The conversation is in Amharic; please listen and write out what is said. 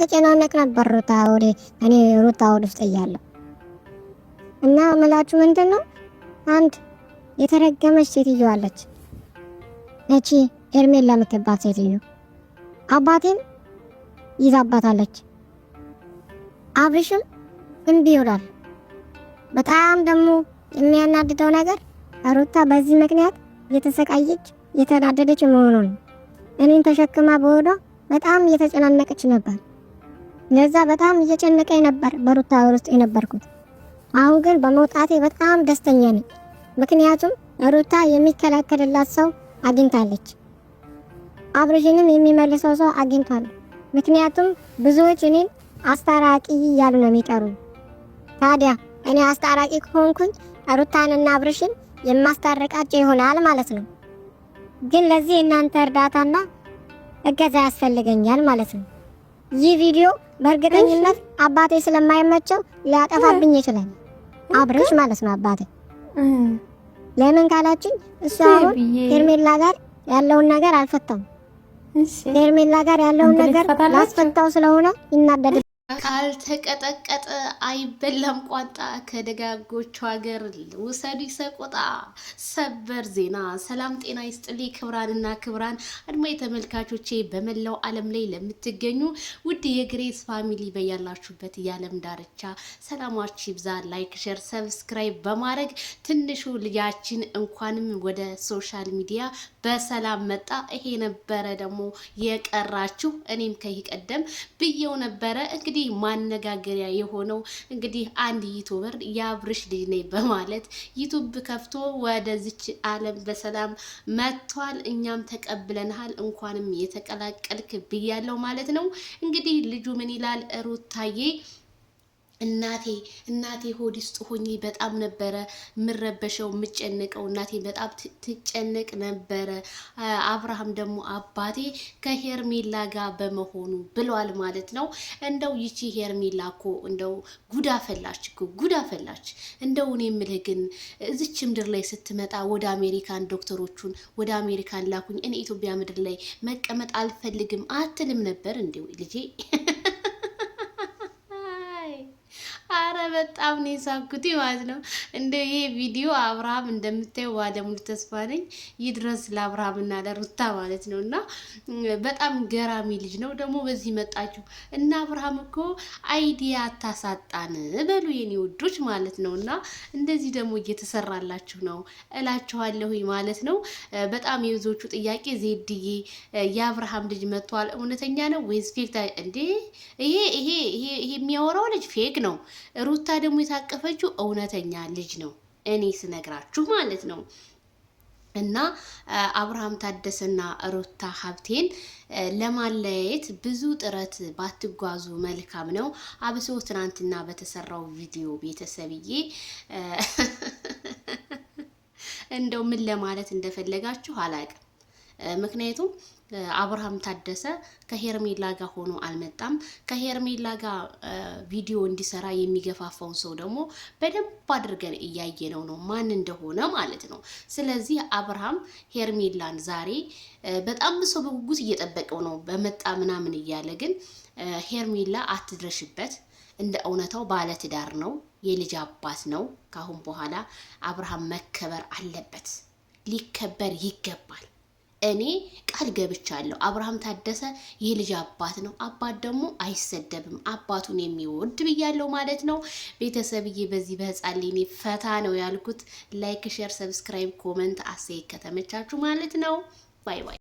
ስንጨናነቅ ነበር ሩታ ወዴ እኔ ሩታ ወደ ውስጥ እያለሁ እና ምላችሁ ምንድን ነው? አንድ የተረገመች ሴትዮ አለች። እቺ ኤርሜን ለምትባት ሴትዮ አባቴን ይዛባታለች። አብርሽም እምቢ ይውላል። በጣም ደግሞ የሚያናድደው ነገር ሩታ በዚህ ምክንያት የተሰቃየች የተናደደች መሆኑን እኔን ተሸክማ በሆዷ በጣም እየተጨናነቀች ነበር። ለዛ በጣም እየጨነቀኝ ነበር በሩታ ውስጥ የነበርኩት። አሁን ግን በመውጣቴ በጣም ደስተኛ ነኝ። ምክንያቱም ሩታ የሚከላከልላት ሰው አግኝታለች፣ አብርሽንም የሚመልሰው ሰው አግኝቷል። ምክንያቱም ብዙዎች እኔን አስታራቂ እያሉ ነው የሚጠሩ። ታዲያ እኔ አስታራቂ ከሆንኩኝ ሩታንና አብርሽን የማስታረቃቸው ይሆናል ማለት ነው። ግን ለዚህ እናንተ እርዳታና እገዛ ያስፈልገኛል ማለት ነው። ይህ ቪዲዮ በእርግጠኝነት አባቴ ስለማይመቸው ሊያጠፋብኝ ይችላል። አብረሽ ማለት ነው አባቴ። ለምን ካላችን እሱ አሁን ሄርሜላ ጋር ያለውን ነገር አልፈታም። ሄርሜላ ጋር ያለውን ነገር ላስፈታው ስለሆነ ይናደድ ካልተቀጠቀጠ አይበላም ቋንጣ። ከደጋጎቹ ሀገር ውሰዱ ሰቆጣ። ሰበር ዜና። ሰላም ጤና ይስጥልኝ ክብራንና ክብራን አድማ የተመልካቾቼ በመላው ዓለም ላይ ለምትገኙ ውድ የግሬስ ፋሚሊ በያላችሁበት የዓለም ዳርቻ ሰላማችሁ ይብዛ። ላይክ፣ ሸር፣ ሰብስክራይብ በማድረግ ትንሹ ልጃችን እንኳንም ወደ ሶሻል ሚዲያ በሰላም መጣ። ይሄ ነበረ ደግሞ የቀራችሁ እኔም ከዚህ ቀደም ብየው ነበረ እንግዲህ እንግዲህ ማነጋገሪያ የሆነው እንግዲህ አንድ ዩቱበር የአብርሽ ልጅ ነኝ በማለት ዩቱብ ከፍቶ ወደዚች ዓለም በሰላም መጥቷል። እኛም ተቀብለንሃል፣ እንኳንም የተቀላቀልክ ብያለው ማለት ነው። እንግዲህ ልጁ ምን ይላል ሩታዬ እናቴ እናቴ ሆድ ውስጥ ሆኜ በጣም ነበረ የምረበሸው የምጨነቀው። እናቴ በጣም ትጨነቅ ነበረ። አብርሃም ደግሞ አባቴ ከሄርሜላ ጋር በመሆኑ ብሏል ማለት ነው። እንደው ይቺ ሄርሜላ እኮ እንደው ጉዳ ፈላች እኮ ጉዳ ፈላች። እንደው እኔ የምልህ ግን እዚች ምድር ላይ ስትመጣ ወደ አሜሪካን ዶክተሮቹን ወደ አሜሪካን ላኩኝ እኔ ኢትዮጵያ ምድር ላይ መቀመጥ አልፈልግም አትልም ነበር እንዲሁ ልጄ አረ በጣም ነው የሳኩት ማለት ነው። እንደ ይሄ ቪዲዮ አብርሃም እንደምታየው ባለሙሉ ተስፋ ነኝ ይድረስ ለአብርሃም እና ለሩታ ማለት ነው። እና በጣም ገራሚ ልጅ ነው ደግሞ በዚህ መጣችሁ እና አብርሃም እኮ አይዲያ አታሳጣን በሉ የኔ ውዶች ማለት ነው። እና እንደዚህ ደግሞ እየተሰራላችሁ ነው እላችኋለሁ ማለት ነው። በጣም የብዙዎቹ ጥያቄ ዜድዬ የአብርሃም ልጅ መጥቷል እውነተኛ ነው ወይስ ፌክ? እንዴ ይሄ ይሄ ይሄ የሚያወራው ልጅ ፌክ ነው ሩታ ደግሞ የታቀፈችው እውነተኛ ልጅ ነው፣ እኔ ስነግራችሁ ማለት ነው። እና አብርሃም ታደሰና ሩታ ሀብቴን ለማለያየት ብዙ ጥረት ባትጓዙ መልካም ነው። አብሶ ትናንትና በተሰራው ቪዲዮ ቤተሰብዬ እንደው ምን ለማለት እንደፈለጋችሁ አላቅም። ምክንያቱም አብርሃም ታደሰ ከሄርሜላ ጋር ሆኖ አልመጣም። ከሄርሜላ ጋር ቪዲዮ እንዲሰራ የሚገፋፋውን ሰው ደግሞ በደንብ አድርገን እያየነው ነው ማን እንደሆነ ማለት ነው። ስለዚህ አብርሃም ሄርሜላን ዛሬ በጣም ሰው በጉጉት እየጠበቀው ነው በመጣ ምናምን እያለ ግን ሄርሜላ አትድረሽበት፣ እንደ እውነታው ባለትዳር ነው፣ የልጅ አባት ነው። ካአሁን በኋላ አብርሃም መከበር አለበት፣ ሊከበር ይገባል። እኔ ቃል ገብቻለሁ። አብርሃም ታደሰ የልጅ አባት ነው። አባት ደግሞ አይሰደብም፣ አባቱን የሚወድ ብያለው ማለት ነው። ቤተሰብዬ በዚህ በህፃን ሌኔ ፈታ ነው ያልኩት። ላይክ፣ ሼር፣ ሰብስክራይብ፣ ኮመንት አሰይ ከተመቻችሁ ማለት ነው። ባይ ባይ።